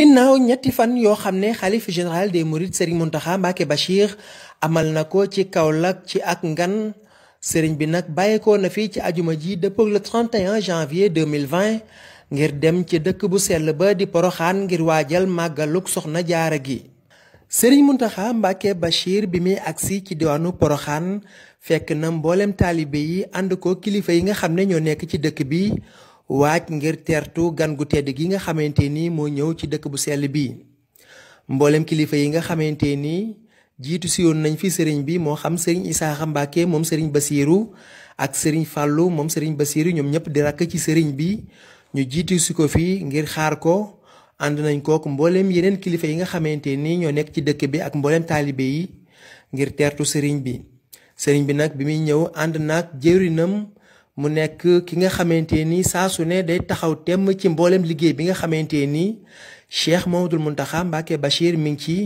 ginnaaw ñetti fan yoo xam ne xalif général des mourides Serigne Mountakha Mbacké Bachir amal na ko ci kaw Kaolack ci ak ngan sëriñ bi nag bàyyeekoo na fi ci ajuma ji dëppook le 31 janvier 2020 ngir dem ci dëkk bu sell ba di poroxaan ngir waajal màggaluk soxna jaara gi Serigne Mountakha Mbacké Bachir bi muy agsi ci diwaanu poroxaan fekk na mboolem taalibe yi ànd ko kilifa yi nga xam ne ñoo nekk ci dëkk bi waaj ngir tertu gan gu tedd gi nga xamante ni moo ñëw ci dëkk bu sell bi mboolem kilifa yi nga xamante ni jiitu si woon nañ fi sëriñ bi moo xam sëriñ Isaaxa Mbàkke moom sëriñ basiru ak sëriñ Fàllu moom sëriñ basiru ñoom ñëpp di rakk ci sëriñ bi ñu jiitu si ko fi ngir xaar ko ànd nañ kook mbooleem yeneen kilifa yi nga xamante ni ñoo nekk ci dëkk bi ak mbooleem taalibe yi ngir tertu sëriñ bi sëriñ bi nag bi muy ñëw ànd mu nekk ki nga xamante ni saa su ne day taxaw temm ci mboolem liggéey bi nga xamante ni Cheikh Mamadou Mountakha Mbacké Bachir mi ngi ci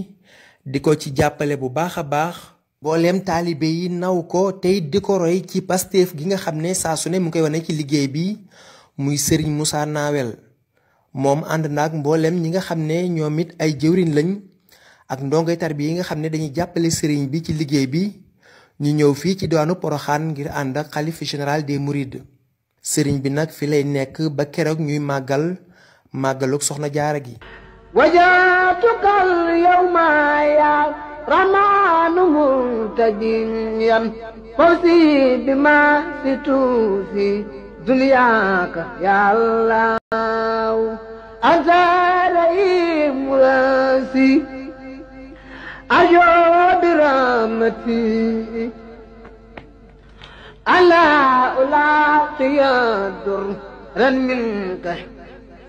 di ko ci jàppale bu baax a baax. mboolem taalibe yi naw ko tey di ko roy ci Pastef gi nga xam ne saa su ne mu koy wane ci liggéey bi muy sëriñ Moussa Nawel moom ànd na ak mboolem ñi nga xam ne ñoom it ay jëwriñ lañ ak ndongoy tarbiya yi nga xam ne dañuy jàppale Serigne bi ci liggéey bi. ñu ñëw fii ci doonu poroxaan ngir ànd ak xalif général des mourides sëriñ bi nag fi lay nekk ba keroog ñuy màggal màggalug soxna jaara gi wajatukal yawma ya ramaanu multajinyan fawsi bima situsi dunyaaka ya allah anta rahim rasi أجا برامتي ألا ألاقي درا منك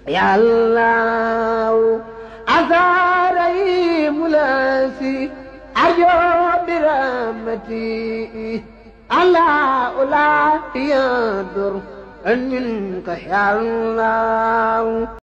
يا الله أثاري ملاسي أجا برامتي ألا ألاقي درا منك يا الله